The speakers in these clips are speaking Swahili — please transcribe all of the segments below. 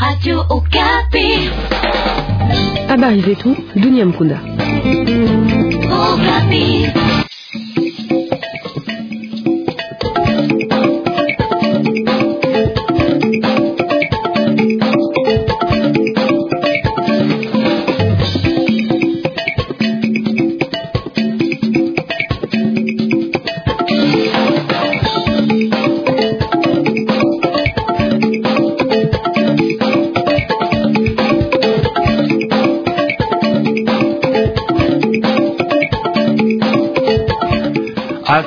Radio Okapi. Habari zetu dunia mkunda. Okapi.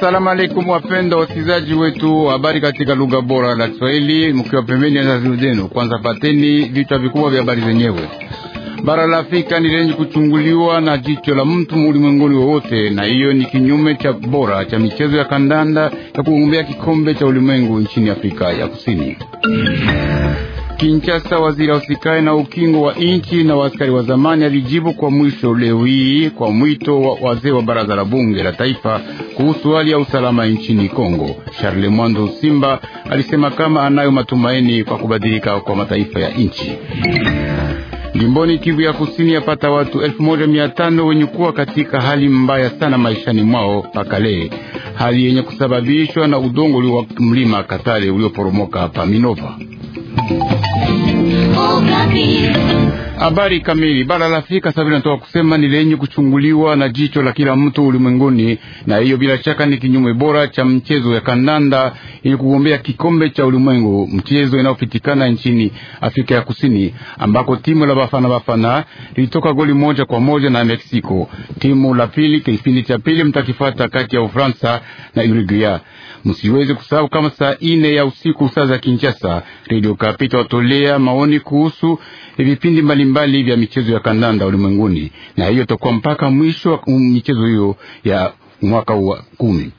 Asalamu alaikum wapenda wasikilizaji wetu, habari katika lugha bora la Kiswahili, mkiwa pembeni ya zazi zenu. Kwanza pateni vichwa vikubwa vya habari zenyewe. Bara la Afrika ni lenye kuchunguliwa na jicho la mtu ulimwenguni wowote, na hiyo ni kinyume cha bora cha michezo ya kandanda ya kugombea kikombe cha ulimwengu nchini Afrika ya Kusini. Kinshasa, waziri usikae na ukingo wa inchi na waskari wa zamani alijibu kwa mwisho leo hii kwa mwito wa wazee wa baraza la bunge la taifa kuhusu hali ya usalama nchini Kongo. Charles Mwando Simba alisema kama anayo matumaini kwa kubadilika kwa mataifa ya nchi. Jimboni Kivu ya Kusini yapata watu 1500 wenye kuwa katika hali mbaya sana maishani mwao Pakale, hali yenye kusababishwa na udongo wa mlima Katale ulioporomoka hapa Minova. Habari kamili. Bara la Afrika sasa inatoka kusema ni lenye kuchunguliwa na jicho la kila mtu ulimwenguni, na hiyo bila shaka ni kinyume bora cha mchezo ya kandanda ili kugombea kikombe cha ulimwengu mchezo inayopitikana nchini Afrika ya Kusini, ambako timu la Bafana Bafana lilitoka goli moja kwa moja na Mexico. Timu la pili kipindi cha pili mtakifata kati ya Ufaransa na Uruguay. Msiweze kusahau kama saa ine ya usiku saa za Kinshasa, Radio Okapi watolea maoni kuhusu vipindi mbalimbali vya michezo ya kandanda ulimwenguni, na hiyo itakuwa mpaka mwisho wa michezo hiyo ya mwaka wa kumi.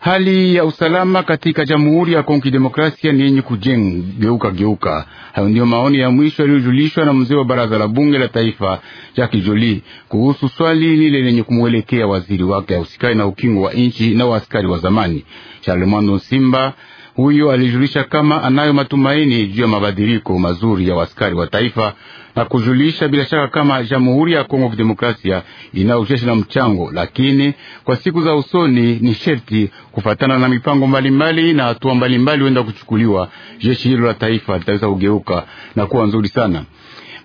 Hali ya usalama katika Jamhuri ya Kongo Demokrasia ni yenye kujengeuka geuka. Hayo ndiyo maoni ya mwisho yaliyojulishwa na mzee wa baraza la bunge la taifa jacki Joli kuhusu swali lile lenye kumwelekea waziri wake ausikali na ukingo wa nchi na waaskari wa zamani Charlemando Simba. Huyo alijulisha kama anayo matumaini juu ya mabadiliko mazuri ya waaskari wa taifa na kujulisha bila shaka kama Jamhuri ya Kongo Kidemokrasia inayo jeshi na mchango, lakini kwa siku za usoni ni sherti kufatana na mipango mbalimbali mbali na hatua mbalimbali huenda kuchukuliwa, jeshi hilo la taifa litaweza kugeuka na kuwa nzuri sana.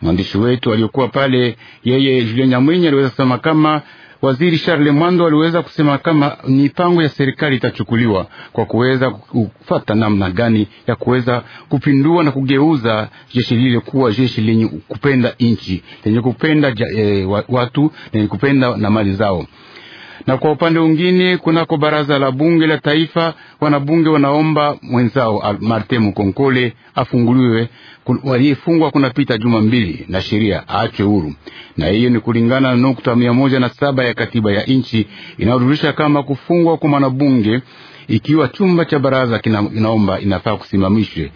Mwandishi wetu aliyokuwa pale, yeye Julien Nyamwinyi, aliweza kusema kama Waziri Charles Mwando aliweza kusema kama mipango ya serikali itachukuliwa kwa kuweza kufata namna gani ya kuweza kupindua na kugeuza jeshi lile kuwa jeshi lenye kupenda nchi, lenye kupenda ja, e, watu lenye kupenda na mali zao. Na kwa upande mwingine, kunako baraza la bunge la taifa, wanabunge wanaomba mwenzao Martin Mukonkole afunguliwe, waliyefungwa kunapita juma mbili na sheria aache huru, na hiyo ni kulingana na nukta mia moja na saba ya katiba ya nchi inayorurisha kama kufungwa kwa mwanabunge ikiwa chumba cha baraza kinaomba inafaa kusimamishwe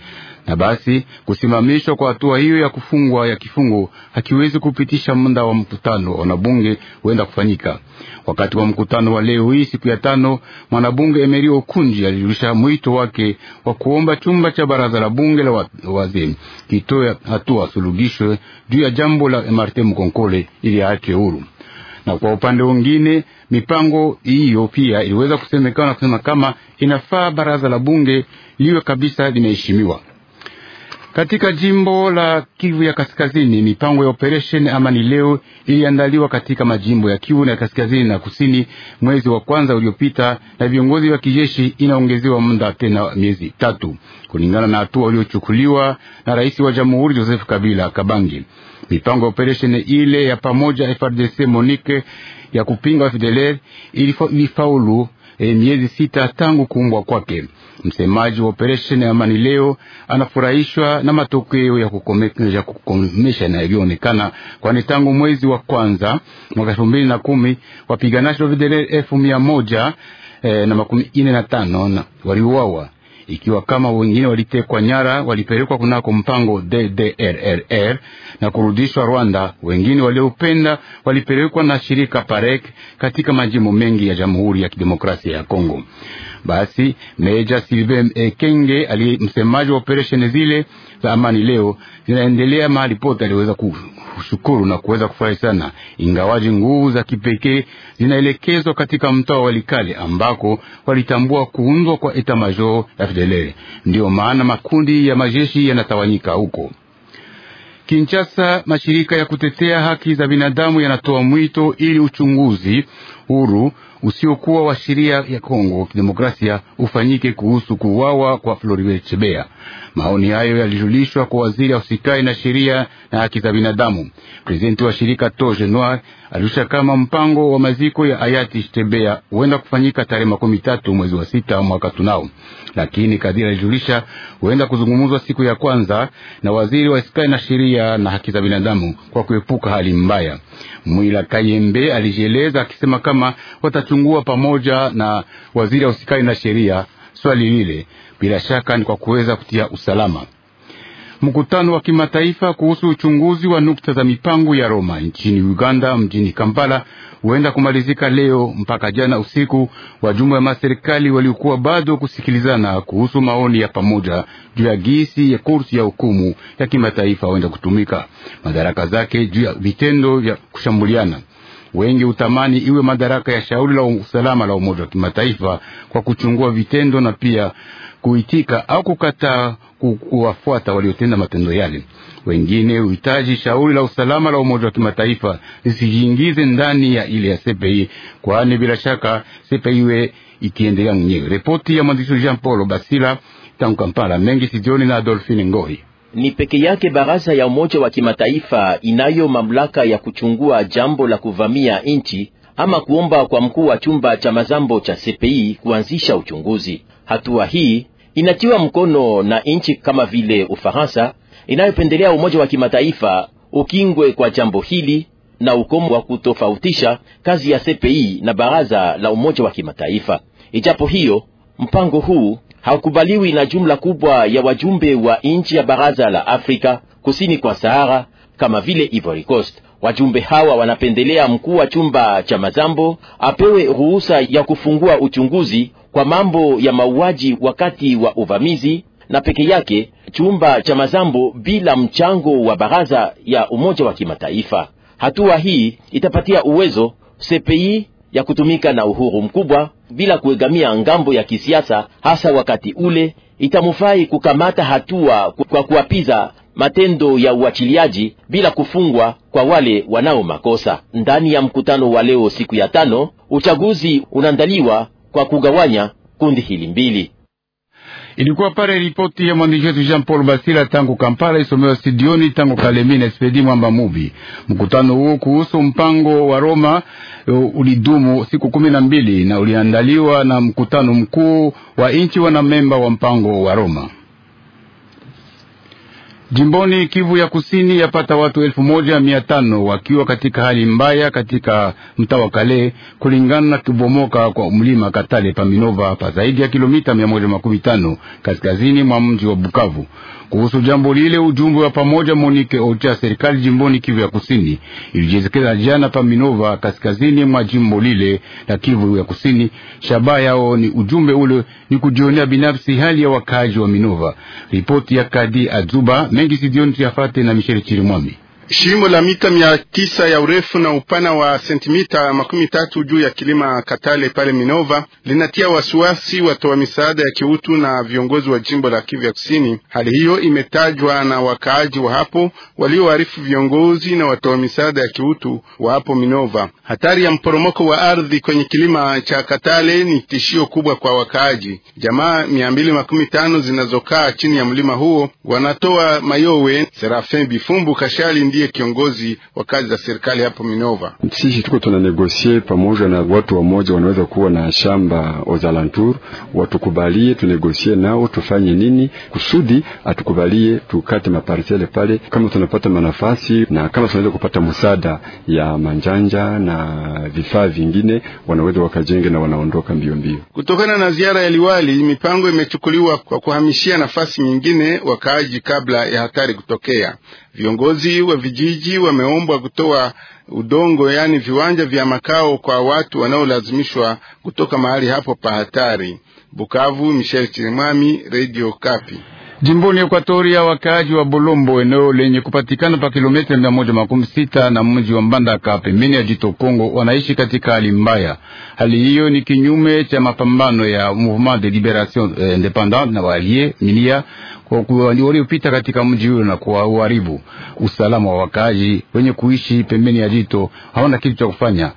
na basi kusimamishwa kwa hatua hiyo ya kufungwa ya kifungo hakiwezi kupitisha muda wa mkutano wanabunge huenda kufanyika. Wakati wa mkutano wa leo hii siku ya tano, mwanabunge Emeri Okunji alijulisha mwito wake wa kuomba chumba cha baraza la bunge la wazee kitoe hatua surugishwe juu ya jambo la Martin Mkonkole ili aachwe huru na kwa upande mwingine mipango hiyo pia iliweza kusemekana na kusema kama inafaa baraza la bunge liwe kabisa limeheshimiwa. Katika jimbo la Kivu ya Kaskazini, mipango ya operesheni amani leo iliandaliwa katika majimbo ya Kivu ya Kaskazini na Kusini mwezi wa kwanza uliopita na viongozi wa kijeshi, inaongezewa muda tena miezi tatu, kulingana na hatua uliochukuliwa na rais wa jamhuri Joseph Kabila Kabangi. Mipango ya operesheni ile ya pamoja FRDC Monique ya kupinga FDLR ilifaulu e, miezi sita tangu kuumbwa kwake. Msemaji wa operesheni ya amani leo anafurahishwa na matokeo ya kukomesha kukomesha yaliyoonekana, kwani tangu mwezi wa kwanza mwaka elfu mbili na kumi wapiganaji wa videle elfu mia moja eh, na makumi ine na tano waliuawa ikiwa kama wengine walitekwa nyara walipelekwa kunako mpango DDRRR na kurudishwa Rwanda. Wengine waliopenda walipelekwa na shirika PAREK katika majimbo mengi ya Jamhuri ya Kidemokrasia ya Kongo. Basi Meja Sylvain Ekenge ali msemaji wa operesheni zile za amani leo zinaendelea mahali pote aliweza ku kushukuru na kuweza kufurahi sana, ingawaji nguvu za kipekee zinaelekezwa katika mtaa wa Walikale ambako walitambua kuundwa kwa eta major ya Fidelere. Ndiyo maana makundi ya majeshi yanatawanyika huko. kinchasa mashirika ya kutetea haki za binadamu yanatoa mwito ili uchunguzi huru usiokuwa wa sheria ya Kongo Kidemokrasia ufanyike kuhusu kuuawa kwa Floribert Chebea. Maoni hayo yalijulishwa kwa waziri ausikai na sheria na haki za binadamu. Prezidenti wa shirika Toje Noir alirusha kama mpango wa maziko ya hayati Chebea huenda kufanyika tarehe makumi tatu mwezi wa sita mwaka tunao, lakini kadiri alijulisha huenda kuzungumzwa siku ya kwanza na waziri wa iskai na sheria na haki za binadamu kwa kuepuka hali mbaya. Mwila Kayembe alijieleza akisema kama alisema watachungua pamoja na waziri wa usikali na sheria swali lile, bila shaka ni kwa kuweza kutia usalama. Mkutano wa kimataifa kuhusu uchunguzi wa nukta za mipango ya Roma nchini Uganda, mjini Kampala, huenda kumalizika leo mpaka jana usiku. Wajumbe wa maserikali waliokuwa bado kusikilizana kuhusu maoni ya pamoja juu ya gisi ya kursi ya hukumu ya kimataifa huenda kutumika madaraka zake juu ya vitendo vya kushambuliana Wengi utamani iwe madaraka ya shauri la usalama la Umoja wa Kimataifa kwa kuchungua vitendo na pia kuitika au kukataa kuwafuata waliotenda matendo yale. Wengine uhitaji shauri la usalama la Umoja wa Kimataifa lisijiingize ndani ya ile ya CPI, kwani bila shaka CPI iwe ikiendelea mwenyewe. Ripoti ya mwandishi Jean Paul Basila tangu Kampala. Mengi sijioni na Adolfine Ngoi ni peke yake baraza ya Umoja wa Kimataifa inayo mamlaka ya kuchungua jambo la kuvamia nchi ama kuomba kwa mkuu wa chumba cha mazambo cha CPI kuanzisha uchunguzi. Hatua hii inatiwa mkono na nchi kama vile Ufaransa inayopendelea Umoja wa Kimataifa ukingwe kwa jambo hili na ukomo wa kutofautisha kazi ya CPI na baraza la Umoja wa Kimataifa. Ijapo hiyo mpango huu hakubaliwi na jumla kubwa ya wajumbe wa nchi ya baraza la Afrika kusini kwa Sahara kama vile Ivory Coast. Wajumbe hawa wanapendelea mkuu wa chumba cha mazambo apewe ruhusa ya kufungua uchunguzi kwa mambo ya mauaji wakati wa uvamizi na peke yake chumba cha mazambo bila mchango wa baraza ya Umoja wa Kimataifa. Hatua hii itapatia uwezo CPI ya kutumika na uhuru mkubwa bila kuegamia ngambo ya kisiasa, hasa wakati ule itamufai kukamata hatua kwa kuwapiza matendo ya uachiliaji bila kufungwa kwa wale wanao makosa. Ndani ya mkutano wa leo siku ya tano, uchaguzi unaandaliwa kwa kugawanya kundi hili mbili. Ilikuwa pale ripoti ya mwandishi wetu Jean Paul Basila tangu Kampala, isomewa studioni tangu Kalemi na Espedi Mwamba Mubi. Mkutano huo kuhusu mpango wa Roma e, ulidumu siku kumi na mbili na uliandaliwa na mkutano mkuu wa nchi wanamemba wa mpango wa Roma. Jimboni Kivu ya Kusini yapata watu elfu moja mia tano wakiwa katika hali mbaya katika mtaa wa Kale kulingana na kubomoka kwa mlima Katale Paminova pa zaidi ya kilomita mia moja makumi tano kaskazini mwa mji wa Bukavu. Kuhusu jambo lile, ujumbe wa pamoja Monike Ocha serikali jimboni Kivu ya Kusini ilijezekeza jana Paminova kaskazini mwa jimbo lile la Kivu ya Kusini. Shabaha yao ni ujumbe ule ni kujionea binafsi hali ya wakaaji wa Minova. Ripoti ya Kadi Azuba mengi sidioni tuyafate na Michel Chirimwami. Shimo la mita mia tisa ya urefu na upana wa sentimita makumi tatu juu ya kilima Katale pale Minova linatia wasiwasi watoa wa misaada ya kiutu na viongozi wa jimbo la Kivu ya Kusini. Hali hiyo imetajwa na wakaaji wa hapo walioarifu viongozi na watoa wa misaada ya kiutu wa hapo Minova. Hatari ya mporomoko wa ardhi kwenye kilima cha Katale ni tishio kubwa kwa wakaaji. Jamaa mia mbili makumi tano zinazokaa chini ya mlima huo wanatoa mayowe. Serafin Bifumbu Kashali ndiye kiongozi wa kazi za serikali hapo Minova. Sisi tuko tunanegosie pamoja na watu wamoja wanaweza kuwa na shamba ozalantur, watukubalie tunegosie nao tufanye nini kusudi atukubalie tukate maparsele pale, kama tunapata manafasi na kama tunaweza kupata msaada ya manjanja na vifaa vingine, wanaweza wakajenge na wanaondoka mbio mbio. Kutokana na ziara ya liwali, mipango imechukuliwa kwa kuhamishia nafasi nyingine wakaaji kabla ya hatari kutokea. Viongozi wa vijiji wameombwa kutoa udongo, yaani viwanja vya makao kwa watu wanaolazimishwa kutoka mahali hapo pa hatari. Bukavu, Michel Chirimwami, Radio Kapi. Jimboni Ekwatoria, wakaaji wa Bolombo, eneo lenye kupatikana pa kilomita mia moja makumi sita na mji wa Mbandaka pembeni ya jito Kongo, wanaishi katika hali mbaya. Hali hiyo ni kinyume cha mapambano ya Mouvement de Liberation eh, Independant na walie milia waliopita katika mji huyo na kuharibu usalama wa wakaaji wenye kuishi pembeni ya jito. Hawana kitu cha kufanya.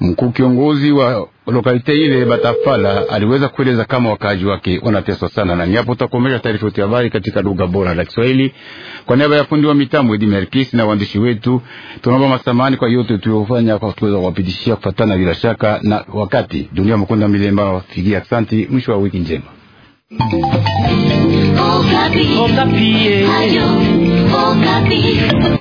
Mkuu kiongozi wa lokalite ile Batafala aliweza kueleza kama wakaaji wake wanateswa sana, na niapo tutakomesha taarifa yetu ya habari katika lugha bora la Kiswahili. Kwa niaba ya fundi wa mitambo Edi Merkis na waandishi wetu, tunaomba masamani kwa yote tuliofanya kwa kuweza kuwapitishia kufatana bila shaka na wakati. Dunia Mkunda Milemba wafikia. Asante, mwisho wa wiki njema. Oh, Okapi. Oh, Ayo, Okapi. Oh,